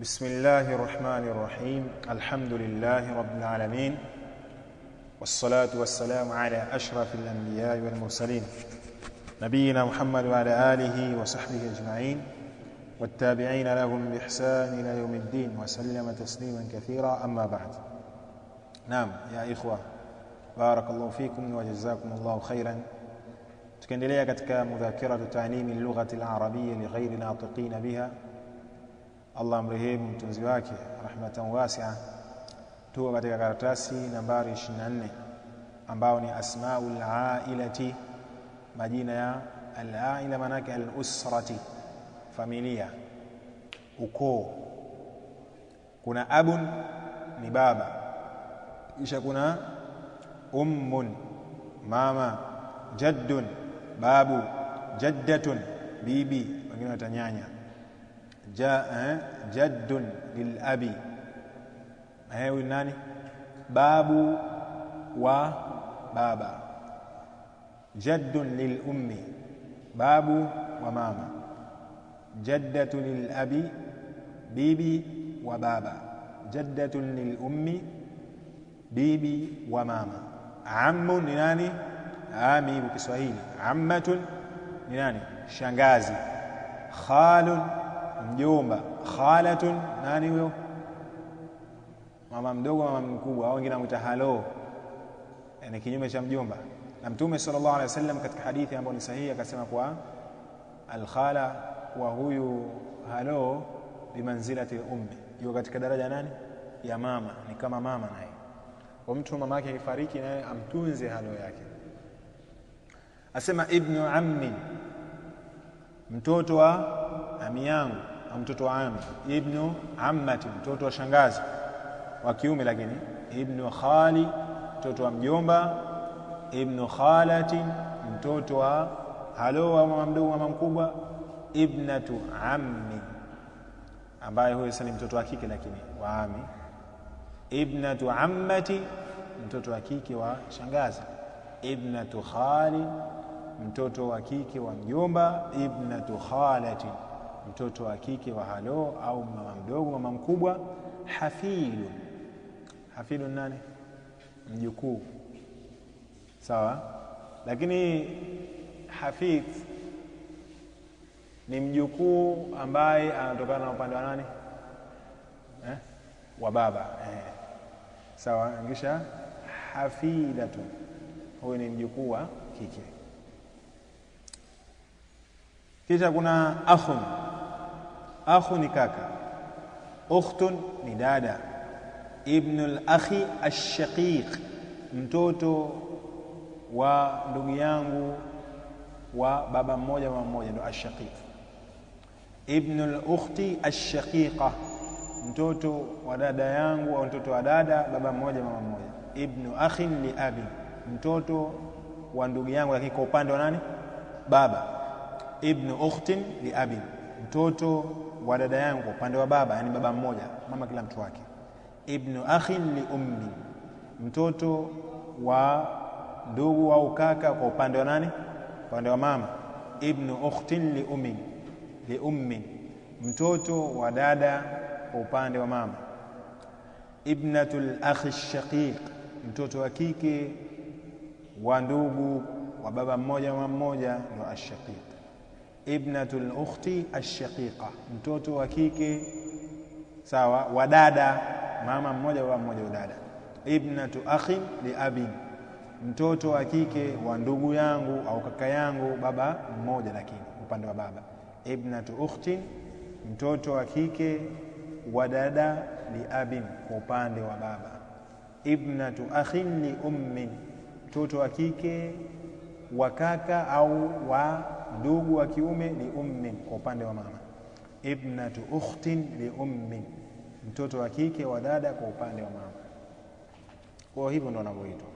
بسم الله الرحمن الرحيم الحمد لله رب العالمين والصلاة والسلام على أشرف الأنبياء والمرسلين نبينا محمد وعلى آله وصحبه أجمعين والتابعين لهم بإحسان إلى يوم الدين وسلم تسليما كثيرا أما بعد نعم يا إخوة بارك الله فيكم وجزاكم الله خيرا tukiendelea katika مذاكرة تعليم اللغة العربية لغير ناطقين بها Allah amrehemu mtunzi wake rahmatan wasia. Tuko katika karatasi nambari 24 ambao ni asmau lailati majina ya alaila, manake alusrati, familia, ukoo. Kuna abun ni baba, kisha kuna ummun mama, jaddun babu, jaddatun bibi, wengine watanyanya جاء جد للأبي هاوي ناني باب وبابا جد للأم باب وماما جدة للأبي بيبي وبابا جدة للأم بيبي وماما عم ناني عامي بكسوهيلي عمة ناني شنغازي خال mjomba, khalatun, nani huyo? Mama mdogo, mama mkubwa, au wengine wanamuita halo, eh, ni kinyume cha mjomba. Na Mtume sallallahu alaihi wasallam katika hadithi ambayo ni sahihi akasema kwa alkhala wa huyu halo bimanzilati ummi, yuko katika daraja nani ya mama, ni kama mama naye. Kwa mtu mama yake akifariki, naye amtunze halo yake. Asema ibnu ammi, mtoto wa ami yangu na mtoto wa ammi, ibnu ammati, mtoto wa shangazi wa kiume, lakini ibnu khali, mtoto wa mjomba, ibnu khalati, mtoto wa halowa, mama mdogo, mama mkubwa, ibnatu ammi, ambaye huyo sasa ni mtoto wa kike, lakini wa ammi, ibnatu ammati, mtoto wa kike wa shangazi, ibnatu khali, mtoto wa kike wa mjomba, ibnatu khalati mtoto wa kike wa halo au mama mdogo, mama mkubwa. Hafidun, hafidu nani? Mjukuu, sawa. Lakini hafidh ni mjukuu ambaye anatokana na upande wa nani eh? wa baba eh. Sawa, kisha hafidatu, huyu ni mjukuu wa kike. Kisha kuna akhun akhu ni kaka, ukhtun ni dada, ibnul akhi ashaqiq, mtoto wa ndugu yangu wa baba mmoja mama mmoja, ndo ashaqiq. Ibnul ukhti ashaqiqa, mtoto wa dada yangu au mtoto wa dada baba mmoja mama mmoja. Ibnu akhin li abi, mtoto wa ndugu yangu, lakini kwa upande wa nani? Baba. Ibnu ukhtin li abi, mtoto wa dada yangu upande wa baba, yani baba mmoja, mama kila mtu wake. Ibnu akhi li ummi, mtoto wa ndugu au kaka kwa upande wa nani? Upande wa mama. Ibnu ukhtin li ummi, li ummi, mtoto wa dada kwa upande wa mama. Ibnatul akhi shaqiq, mtoto wa kike wa ndugu wa baba mmoja mama mmoja, ndo ashaqiq ibnatul ukhti alshaqiqa mtoto wa kike sawa, wa dada, mama mmoja baba mmoja, udada. Ibnatu akhin li mtoto wa kike wa ndugu yangu au kaka yangu, baba mmoja, lakini upande wa baba. Ibnatu ukhti, mtoto wa kike wa dada, li kwa upande wa baba. Ibnatu akhin li mtoto wa kike wa kaka au wa ndugu wa kiume li ummin, kwa upande wa mama, ibnatu ukhtin li ummin, mtoto wa kike wa dada kwa upande wa mama. Kwa hivyo ndo wanavyoitwa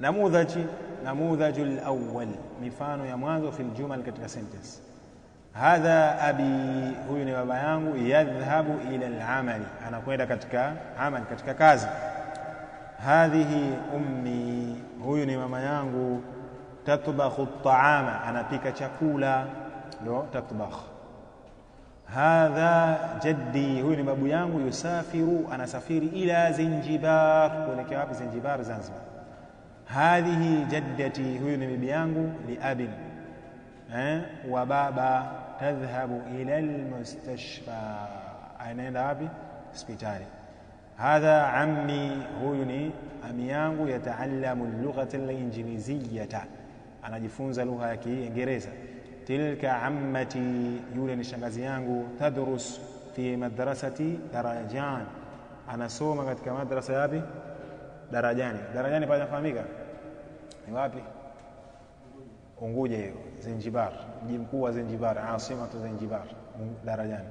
namudhaji. Namudhajul awwal, mifano ya mwanzo. Fil jumal, katika sentence. Hadha abi, huyu ni baba yangu. Yadhhabu ila al anakwenda katika amal katika kazi. Hadhihi ummi, huyu ni mama yangu. تطبخ الطعام أنا بيكا تشاكولا لو تطبخ هذا جدي هو اللي بابو يانغو يسافر أنا سافر إلى زنجبار ولك أبي زنجبار زنزبار هذه جدتي هو اللي بيانغو لأب وبابا تذهب إلى المستشفى أين أبي سبيتاري هذا عمي هو أمي يتعلم اللغة الإنجليزية anajifunza lugha ya Kiingereza. Tilka ammati, yule ni shangazi yangu. Tadrus fi madrasati Darajan, anasoma katika madrasa yapi? Darajani. Darajani pale nafahamika ni wapi? Unguja hiyo, Zanzibar, mji mkuu wa Zanzibar, asimatu Zanzibar, Darajani.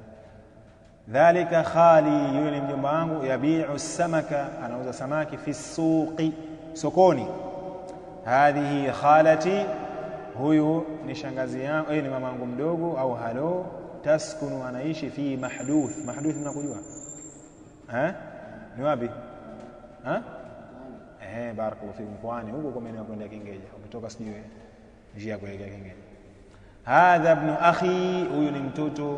Dhalika khali, yule ni mjomba wangu. Yabiu samaka, anauza samaki. Fi suqi, sokoni hadhihi khalati, huyu ni shangazi yangu, eh, ni mamangu mdogo au halo. Taskunu, anaishi fi mahduth. Mahduth mnakujua eh, ni wapi eh? Eh, barakallahu fi kwani huko kwa maana kwenda Kingeja, umetoka sijui njia ya kuelekea Kingeja. Hadha bnu akhi, huyu ni mtoto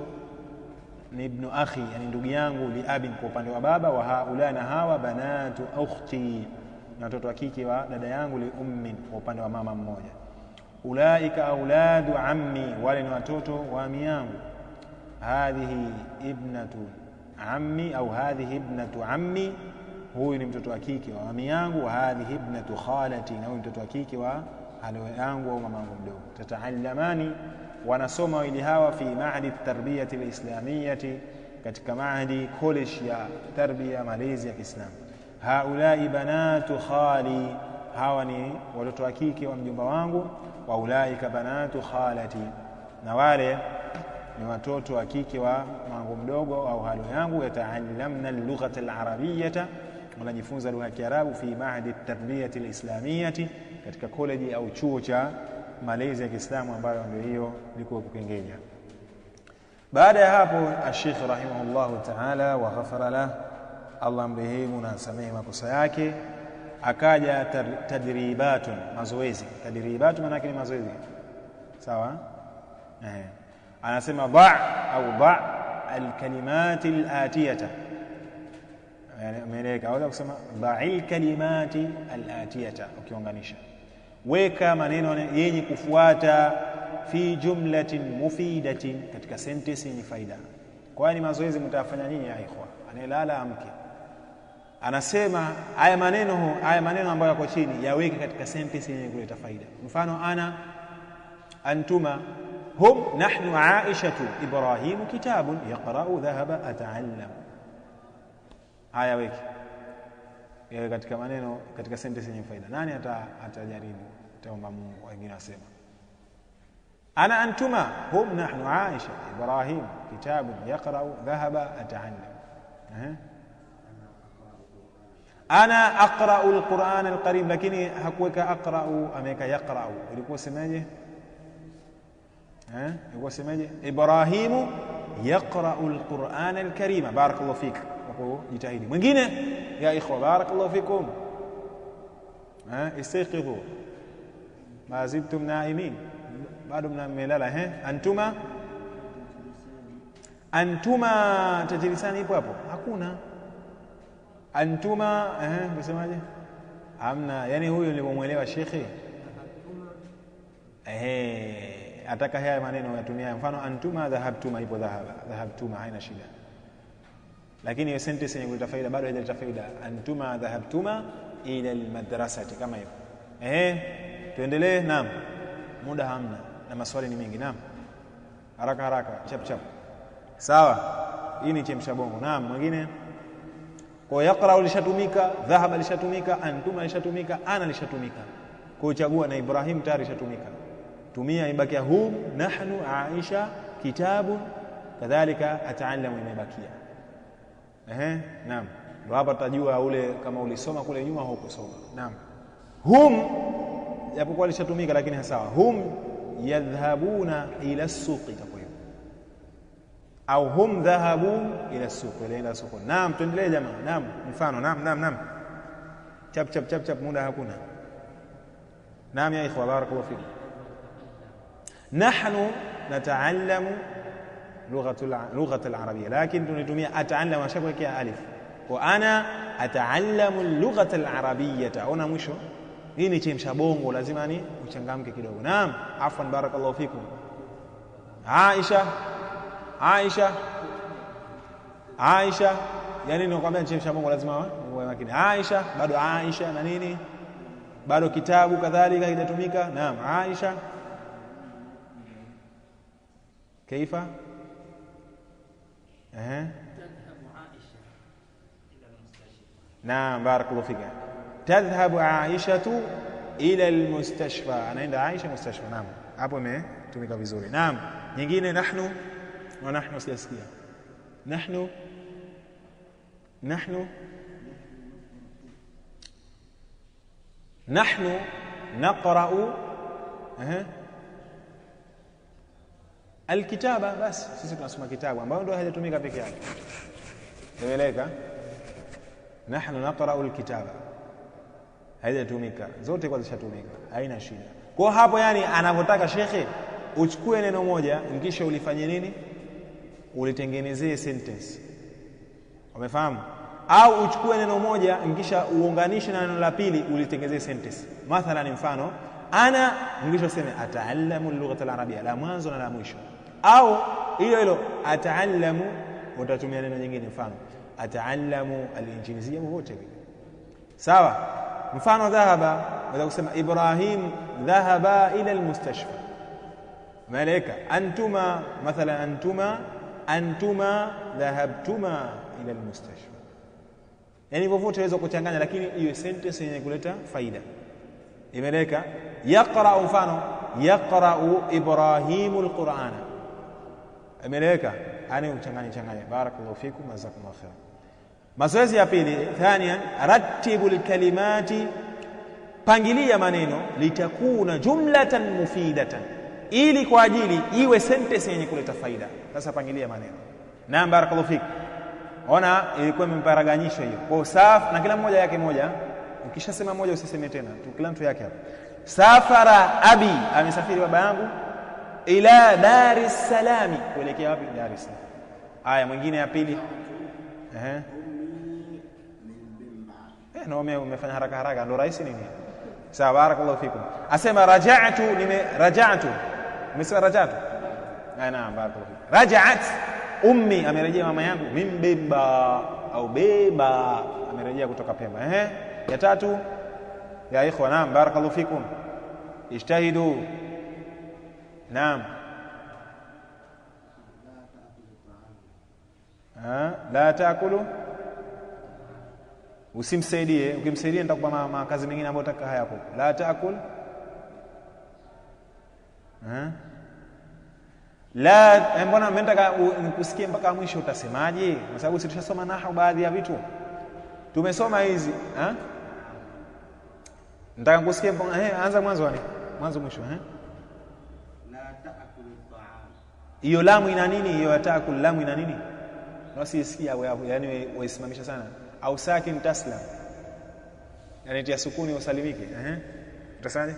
ni ibnu akhi, yani ndugu yangu, li abi, kwa upande wa baba, wa haula, na hawa banatu ukhti na watoto wa kike wa dada yangu, li ummi kwa upande wa mama mmoja. Ulaika auladu ammi, wale ni watoto wa ami yangu. Hadhihi ibnatu ammi au hadhihi ibnatu ammi, huyu ni mtoto wa kike wa ami yangu. Wa hadhihi ibnatu khalati, na huyu mtoto wa kike wa halo yangu au mamangu mdogo. Tataallamani, wanasoma wawili hawa fi maadi tarbiyati lislamiyati, katika maadi college ya tarbia malezi ya Kiislamu haulai banatu khali, hawa ni watoto wa kike wa mjomba wangu. Wa banatu khalati, na wale ni watoto wa kike wa mwangu mdogo au halo yangu. Yataallamna lughata alarabiyata, wanajifunza lugha ya Kiarabu. Fi mahdi tarbiyati lislamiyati katika koleji au chuo cha malezi ya Kiislamu ambayo ndio hiyo liko kukengenya Baada ya hapo, ashekh rahimahullahu taala wa ghafara lah Allah mrehemu na asamehe makosa yake. Akaja tadribatun, mazoezi. Tadribatu maana yake ni mazoezi, sawa eh. Anasema dha au dha alkalimati alatiyata, yani umeeleka. Aweza kusema dha alkalimati alatiyata, ukiunganisha weka maneno yenye kufuata fi jumlatin mufidatin, katika sentensi yenye faida. Kwani mazoezi mtafanya nyinyi ya ikhwa, anayelala amke anasema haya maneno haya maneno ambayo yako chini yaweke katika sentence yenye kuleta faida. Mfano, ana antuma, hum, nahnu, aishatu, ibrahimu, kitabun yaqra'u, dhahaba, ata'allam. Haya weke yawe katika maneno katika sentence yenye faida. Nani atajaribu? Ataomba Mungu. Wengine wasema ana antuma, hum, nahnu, aisha, ibrahimu, kitabun yaqra'u, dhahaba, ata'allam ana aqra'u alquran alqarib, lakini hakuweka aqra'u, ameweka yaqra'u. Ilikuwa semaje? Eh, ilikuwa semaje? Ibrahimu yaqra'u alquran alkarima. Barakallahu fik, jitahidi. Mwingine ya ikhwa, barakallahu fikum, eh, istiqidhu ma zidtum naimin, bado mnamelala. Eh, antuma antuma tajlisani, ipo hapo? Hakuna antuma nasemaje? Amna, yani huyu nilimwelewa shekhi. Ehe, ataka haya maneno yatumia, mfano antuma dhahabtuma, ipo dhahaba dhahabtuma, haina shida, lakini hiyo sentence yenye kuleta faida bado haijaleta faida. Antuma dhahabtuma ila almadrasati, kama hivyo. Ehe, tuendelee. Naam, muda hamna na maswali ni mengi. Naam, haraka haraka, chap chap. Sawa, hii ni chemsha bongo. Naam, mwingine kwa yaqra lishatumika, dhahaba lishatumika, antuma lishatumika, ana lishatumika. Kwa chagua na Ibrahim tayari lishatumika, tumia imebakia hum, nahnu, Aisha, kitabu kadhalika, ataalamu imebakia. Ehe, naam, ndio hapa tutajua ule kama ulisoma kule nyuma au kusoma. Naam, hum yapokuwa lishatumika, lakini hasawa hum yadhhabuna ila suqi au hum dhahabu ila suku ila suku. Naam, tuendelee jamaa. Naam, mfano. Naam, naam, naam. Chap chap chap chap, muda hakuna. Naam ya ikhwa, barakallahu fikum. Nahnu nataallamu lughata al-arabiyya, lakini tunatumia ataallamu ashakwekea alif wa ana ataalamu lughata al-arabiyya. Taona mwisho hii ni chemsha bongo, lazima ni uchangamke kidogo. Naam, afwan, barakallahu fikum. Aisha Aisha Aisha, yani ninakwambia chemsha Mungu lazima uwe makini. Aisha bado Aisha na nini, bado kitabu kadhalika kijatumika. Naam, Aisha kaifa eh, naam, barakallahu fika. Tadhhabu aishatu ila almustashfa, anaenda Aisha mustashfa. Naam, hapo imetumika vizuri. Naam, nyingine nahnu na nahnu sijasikia nahnu nahnu nahnu naqra'u alkitaba basi sisi tunasoma kitabu ambayo ndio hajatumika peke yake imeleka nahnu naqra'u lkitaba haijatumika zote kwa zishatumika haina shida kwa hapo yani anavyotaka shekhe uchukue neno moja nkisha ulifanye nini ulitengenezee sentence umefahamu au uchukue neno moja ngisha uunganishe na neno la pili ulitengenezee sentence mathalan mfano ana ngisha useme ataallamu lughata alarabia la mwanzo na la mwisho au hilo hilo ataallamu utatumia neno nyingine mfano ataallamu alinjinizia wowote vile sawa mfano dhahaba unaweza kusema ibrahim dhahaba ila almustashfa malaika antuma mathalan antuma antuma dhahabtuma ila lmustashfa Yani vovote waweza kuchanganya, lakini hiyo sentence yenye kuleta faida imeleka. Yaqra'u, mfano yaqra'u Ibrahimu alqur'ana, imeleweka. Ani mchanganye changanye. Barakallahu fikum, jazakumullahu khair. Mazoezi ya pili, thania, ratibu lkalimati pangilia maneno, litakuna jumlatan mufidatan, ili kwa ajili iwe sentence yenye kuleta faida. Sasa pangilia maneno. na barakallahu fik. Ona, ilikuwa imeparaganyishwa hiyo kwa saf, na kila mmoja yake moja. Ukishasema moja usiseme tena, kila mtu yake hapo. Safara abi, amesafiri baba yangu, ila Dar es Salaam, kuelekea wapi? Dar es Salaam. Aya, mwingine ya pili. eh eh, na ume umefanya haraka haraka, ndo rais nini? Sawa, barakallahu fikum. Asema raja'tu, nime raja'tu, umesema raja'tu ana baraka rajaat ummi, amerejea mama yangu, mimbeba au beba, amerejea kutoka Pemba. Ehe, ya tatu ya ikhwa, naam, barakallahu fikum, ijtahidu, naam la taakulu, usimsaidie. Ukimsaidia nitakupa makazi mengine ambayo utaka hayako. La taakul la eh, mbona nikusikie mpaka mwisho utasemaje? Kwa sababu si tushasoma nahau baadhi ya vitu tumesoma hizi. Nataka nikusikie eh, anza mwanzo mwanzo mwisho eh? Hiyo lamu ina nini? Hiyo yatakul lamu ina nini? Nasisikia yani waisimamisha sana, au taslam, yani tia sukuni usalimike. Eh, utasaje?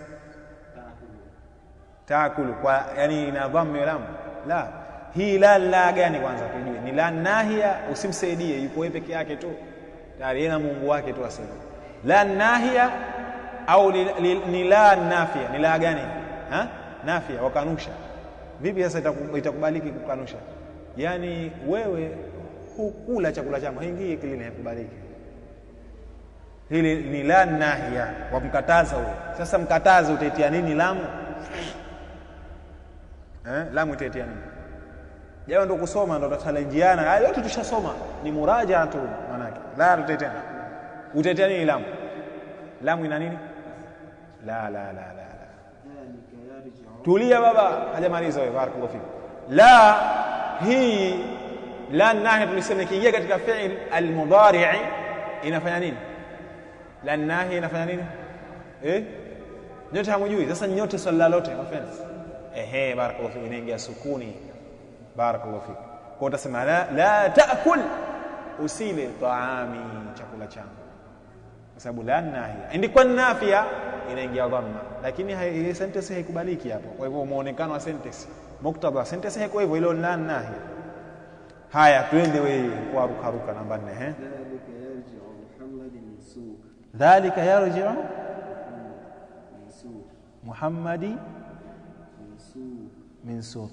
Taakulu kwa yani ina dhamu lamu la hii la la gani kwanza tujue ni la nahia usimsaidie yuko yeye peke yake tu tayari na Mungu wake tu asema la nahia au li, li, ni la nafia ni la gani ha? nafia wakanusha vipi sasa itakubaliki kukanusha yani wewe hukula chakula chama hingi kile linakubaliki hili ni la nahia wamkataza huyo sasa mkataza utaitia nini lamu eh, lamu itatia nini? Jawa ndo kusoma ndo tutachallengeana Haya yaani yote tushasoma ni muraja tu manake. La tutatia. Utatia nini lamu? Lamu ina nini? La la la la. Tulia baba, hajamaliza wewe. Barakallahu fik. La hii la nahi tulisema ikiingia katika fi'il al-mudari' inafanya nini? La nahi inafanya nini? Eh? Nyote hamjui. Sasa nyote swali lolote offense ehe, barakallahu fik, inaingia sukuni. Barakallahu fik. Kwa utasema la, la taakul, usile taami, chakula changu, kwa sababu la nahia indikwa nafia inaingia dhamma, lakini hii sentence haikubaliki hapo. Kwa hivyo muonekano wa sentence, muktadha wa sentence haiko hivyo, ilo la nahia. Haya, twende wewe kwa ruka namba 4 eh dhalika yarjiu Muhammadi min suq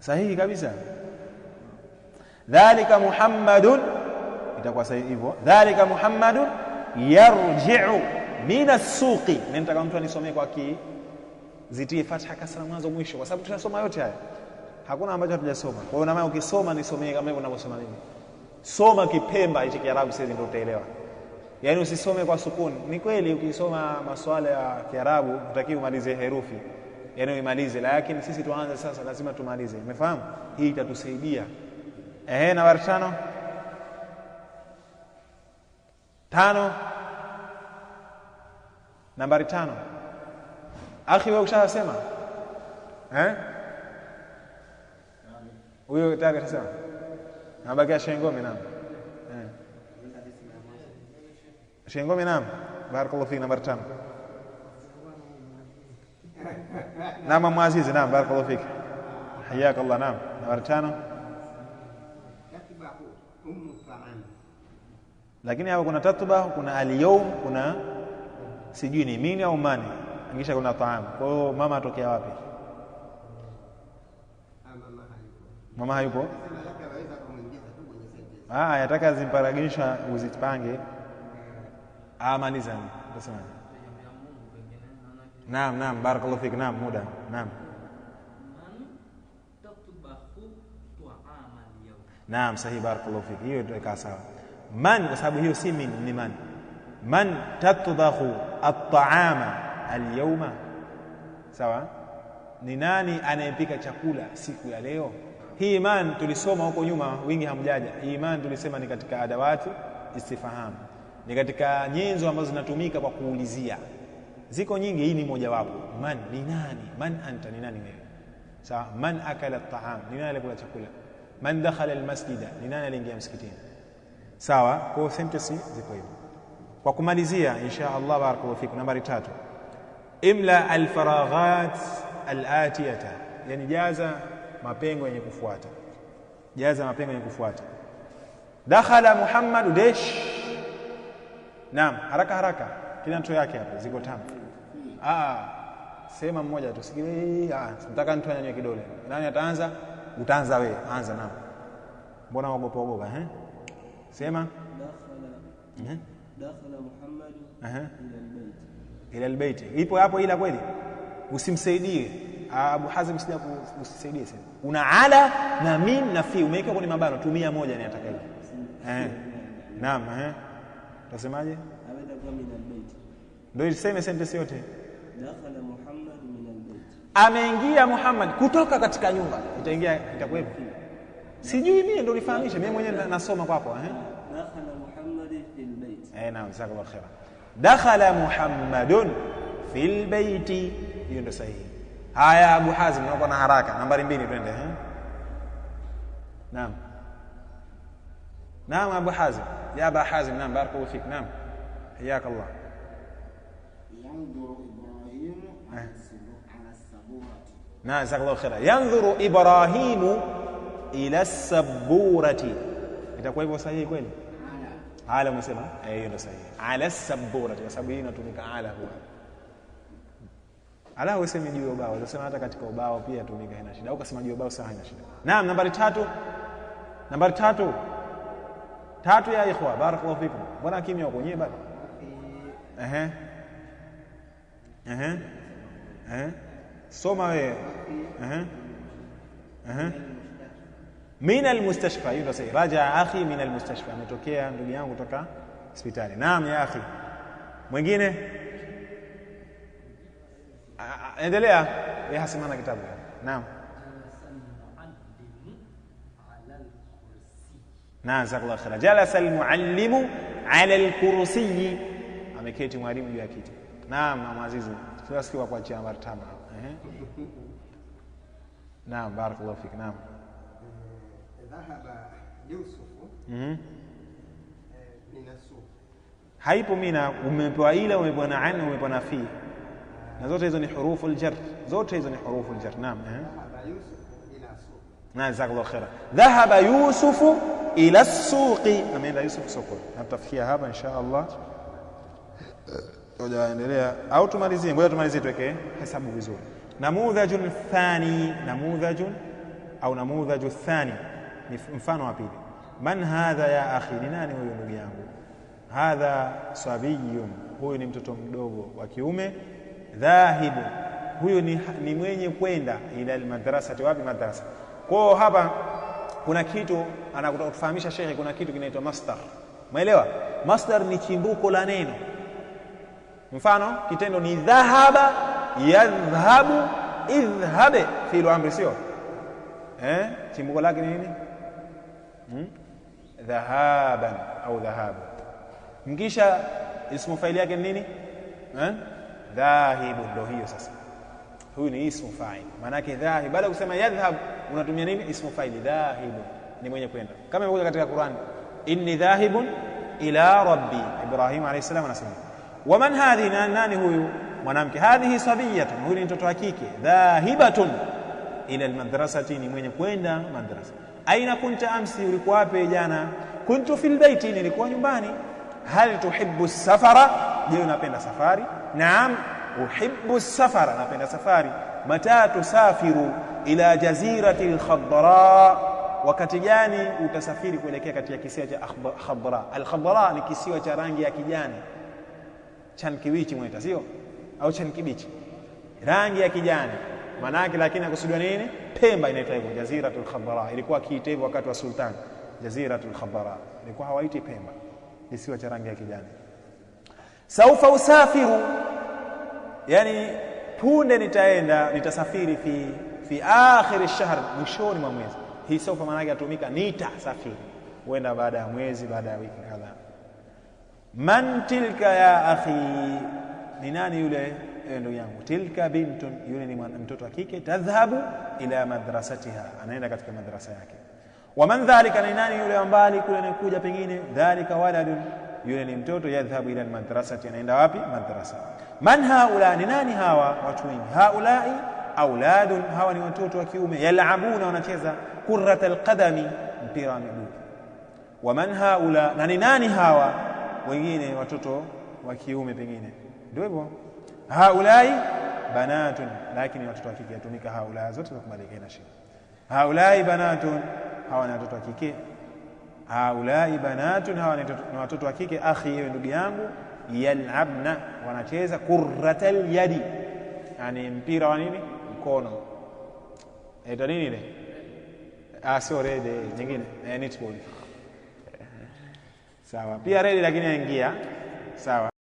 sahihi kabisa dhalika muhammadun itakuwa sahihi hivyo dhalika muhammadun yarji'u min as-suqi mimi nataka mtu anisomee kwa ki zitie fatha kasra mwanzo mwisho kwa sababu tunasoma yote haya hakuna ambacho hatujasoma kwa hiyo na maana ukisoma nisomee kama hivyo unavyosoma mimi soma kipemba hicho kiarabu sasa ndio utaelewa yaani usisome kwa sukuni ni kweli ukisoma masuala ya kiarabu utakiwa umalize herufi yanayoimalize, lakini sisi tuanze sasa, lazima tumalize. Umefahamu? Hii itatusaidia. Ehe, nambari tano tano, nambari tano. Akhi, wewe ushasema eh? Huyo tayari kasema, nabakia shengome nam eh. shengome nam, barakallahu fiki, nambari tano. Naam Mama Azizi, naam, barakallahu fik, hayaka Allah. Naam, nambari tano. Lakini hapo kuna tatuba kuna alyoum kuna sijui ni mini au mani, kisha kuna taam. Kwa hiyo mama atokea wapi? Mama hayupo, ah, yataka zimparagisha, uzipange amalizani, utasemaje? Naam, naam, barakallahu fik. Naam, muda. Naam. Naam, sahihi, barakallahu fik. Hiyo ndio sawa. Man kwa sababu hiyo si min ni man. Man tatbakhu at-ta'ama al-yawma. Sawa? Ni nani anayepika chakula siku ya leo? Hii man tulisoma huko nyuma, wingi hamjaja. Hii iman tulisema ni katika adawati istifham, ni katika nyenzo ambazo zinatumika kwa kuulizia ziko nyingi, hii ni mojawapo. Man ni nani? Man anta ni nani wewe? Sawa. Man akala taam ni nani alikula chakula? Man dakhala almasjida ni nani aliingia msikitini? Sawa. Kwa sentence ziko hivyo. Kwa kumalizia, insha Allah, barakallahu fikum, nambari tatu, imla alfaraghat alatiyata, yani jaza mapengo yenye kufuata. Jaza mapengo yenye kufuata. Dakhala muhammad udesh Naam, haraka haraka, kila mtu yake hapo ziko tamu. Ah, sema mmoja tu, nataka ah, mtu anyanywe kidole. Nani ataanza? Utaanza we anza na Mbona waogopa ogopa eh? Sema eh? ila albayt. Ipo hapo ila kweli, usimsaidie Abu Hazim, sija usisaidie sasa. Una ala na min na fi, umeweka kwenye mabano, tumia moja ni ataka Eh, naam eh, utasemaje? Ndio iseme sentence yote dakhala Muhammad min albayt, ameingia Muhammad kutoka katika nyumba. Itaingia itakuwepo, sijui mimi ndio nifahamishe mimi mwenyewe nasoma kwako eh, dakhala Muhammad fil bayt. Eh, khaira. Dakhala Muhammadun fil baiti, hiyo ndio sahihi. Haya, Abu Hazim, naomba na haraka. Nambari mbili, twende eh. Naam, naam, Abu Hazim, ya Abu Hazim, naam, barakallahu fik, naam, hayakallah na jazakallahu khaira, yandhuru Ibrahimu ila saburati. Itakuwa hivyo sahihi kweli? Ala umesema eh, hiyo ndio sahihi, ala saburati, kwa sababu hii inatumika ala huwa ala useme juu ya ubao, usema hata katika ubao pia tumika, haina shida. Au kasema juu ya ubao, sawa, haina shida. Naam, nambari tatu, nambari tatu tatu ya ikhwa, barakallahu fikum. Mbona kimya huko nyewe bado? Ehe, ehe eh? soma wewe eh? eh? min almustashfa, hiyo sahihi. Raja akhi min almustashfa, ametokea ndugu yangu kutoka hospitali. Naam ya akhi. Mwingine endelea, yeye hasimana kitabu. Naam. Jazakallahu khaira. Jalasa almuallimu ala alkursiyi, ameketi mwalimu juu ya kiti. Naam, Mama Azizi. سواسكي وابقى جامر تاما نعم بارك الله فيك نعم ذهب يوسف من السوق هاي بمينا ومبوا إلى ومبوا نعن ومبوا نفي نزوت هذو حروف الجر زوت هذو حروف الجر نعم ذهب يوسف إلى السوق نعم زاك الله خير ذهب يوسف إلى السوق نعم إلى يوسف سوق نتفكيها هذا إن شاء الله uh Tujaendelea au tumalizie? Ngoja tumalizie, tuweke hesabu vizuri. Namudhajun thani, namudhajun au namudhaju thani ni mfano wa pili. Man hadha ya akhi, ni nani huyu ndugu yangu? Hadha sabiyun, huyu ni mtoto mdogo wa kiume. Dhahibu, huyu ni, ni mwenye kwenda ila almadrasati. Wapi madrasa? Kwao hapa kuna kitu anakutafahamisha shekhe, kuna kitu kinaitwa masdar. Umeelewa? Masdar ni chimbuko la neno mfano kitendo ni dhahaba yadhhabu idhhabe fi'lu amri sio eh chimbuko lake ni nini hmm? dhahaban au dhahabu mkisha ismu faili yake ni nini eh? dhahibu ndio hiyo sasa huyu ni ismu faili maana yake dhahib baada kusema yadhhab unatumia nini ismu faili dhahibu ni mwenye kwenda kama imekuja katika Qur'an inni dhahibun ila rabbi ibrahim alahi salam anasema waman man hadhi, na nani huyu mwanamke? Hadhihi sabiyatun, huyu ni mtoto wa kike. Dhahibatun ila almadrasati, ni mwenye kwenda madrasa. Aina kunta amsi, ulikuwa wapi jana? Kuntu fil baiti, nilikuwa nyumbani. Hal tuhibbu safara, je, unapenda safari? Naam, uhibbu safara, napenda safari. Mata tusafiru ila jazirati alkhadra, wakati gani utasafiri kuelekea katika kisiwa cha Khadra? Alkhadra ni kisiwa cha rangi ya kijani chan kiwichi mwita sio au chan kibichi rangi ya kijani maana yake lakini akusudiwa nini pemba inaitwa hivyo jaziratul khadra ilikuwa kiite hivyo wakati wa sultan jaziratul khadra ilikuwa hawaiti pemba isiwa cha rangi ya kijani saufa usafiru yani punde nitaenda nitasafiri fi fi akhir ash-shahr mwishoni mwa mwezi hii saufa maana yake atumika nitasafiri huenda baada ya mwezi baada ya wiki kadhaa man tilka ya akhi, ni nani yule ewe eh, ndugu yangu? Tilka bintun, yule ni mtoto wa kike. Tadhhabu ila madrasatiha, anaenda katika madrasa yake. Wa man dhalika, ni nani yule ambali kule anakuja pengine. Dhalika waladun, yule ni mtoto. Yadhhabu ila madrasati, anaenda wapi? Madrasa. Man haula, ni nani hawa watu wengi? Haulai auladun, hawa ni watoto wa kiume. Yalabuna, wanacheza qurrat alqadami, mpira wa miguu. Wa man haula, na ni nani hawa wengine watoto wa kiume, pengine ndio hivyo haulai banatun, lakini watoto wa kike atumika haulai, zote za zakubalika, na shida. Haulai banatun, hawa ni watoto wa kike. Haulai banatun, hawa ni watoto wa kike. Akhi, yewe ndugu yangu, yalabna, wanacheza kurratal yadi, yani mpira wa nini, mkono eta nini ile, ah, sio rede nyingine, eh, netball sawa, pia reli lakini yaingia sawa.